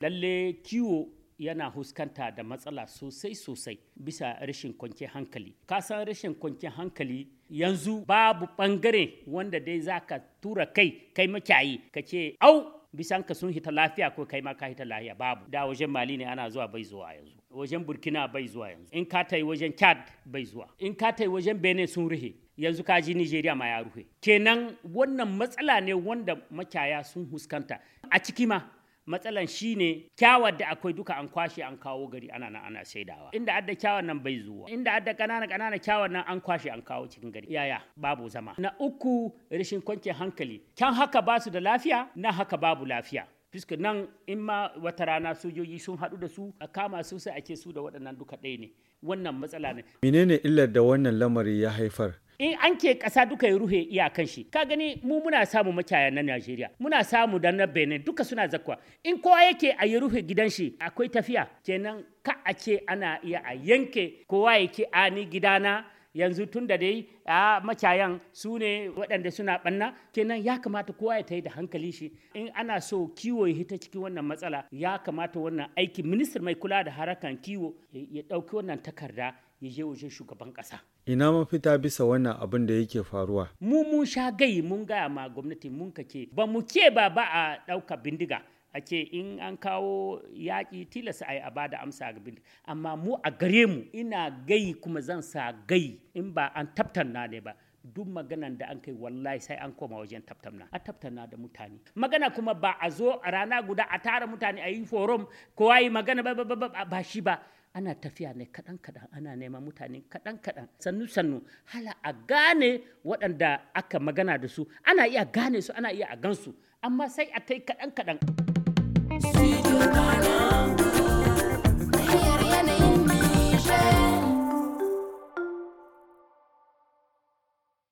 lalle kiwo yana huskanta da matsala sosai sosai bisa rashin kwanke hankali kasan rashin kwanke hankali yanzu babu bangare wanda dai za ka tura kai kai makyayi ka ce au bisan ka sun hita lafiya ko kai ma ka hita lafiya babu da wajen mali ne ana zuwa bai zuwa yanzu wajen burkina bai zuwa yanzu in ka tai wajen chad bai zuwa in ka tai wajen benin sun ruhe yanzu ka ji Nigeria ma ya ruhe. Kenan wannan matsala ne wanda makyaya sun huskanta a ciki ma matsalan shi ne kyawar da akwai duka an kwashe an kawo gari ana nan ana saidawa inda adda kyawar nan bai zuwa inda adda kanana kanana kyawar nan an kwashe an kawo cikin gari yaya babu zama na uku rashin kwanke hankali kyan haka ba su da lafiya na haka babu lafiya fisk nan in ma wata rana sojoji sun haɗu da su a kama su sai ake su da waɗannan duka ɗaya ne wannan matsala ne menene illar da wannan lamari ya haifar an ke ƙasa duka ya ruhe iyakan shi ka gani mu muna samu makiyaya na Najeriya muna samu da na Benin duka suna zakwa in kowa yake a ya ruhe gidan shi akwai tafiya kenan ka a ce ana iya a yanke kowa yake a ni gidana yanzu tun da dai a macayan su ne waɗanda suna ɓanna kenan ya kamata kowa ya tayi da hankali shi in ana so kiwo ya hita cikin wannan matsala ya kamata wannan aiki ministan mai kula da harakan kiwo ya ɗauki wannan takarda ya je wajen shugaban ƙasa. Ina mafita bisa wannan abin da yake faruwa. Mu mun sha gai mun gaya ma gwamnati mun kake ba mu ke ba ba a ɗauka bindiga. ake in an kawo yaƙi tilasta a yi a bada amsa ga bindiga amma mu a gare mu ina gai kuma zan sa gai in ba an tabtanna ne ba duk maganan da an kai wallahi sai an koma wajen tabtamna a tabtamna da mutane magana kuma ba a zo a rana guda a tara mutane a yi forum kowa yi magana ba ba ba shi ba ana tafiya ne kaɗan kaɗan ana neman mutane kaɗan kaɗan sannu sannu hala a gane waɗanda aka magana da su ana iya gane su ana iya a gansu amma sai a ta yi kaɗan kaɗan.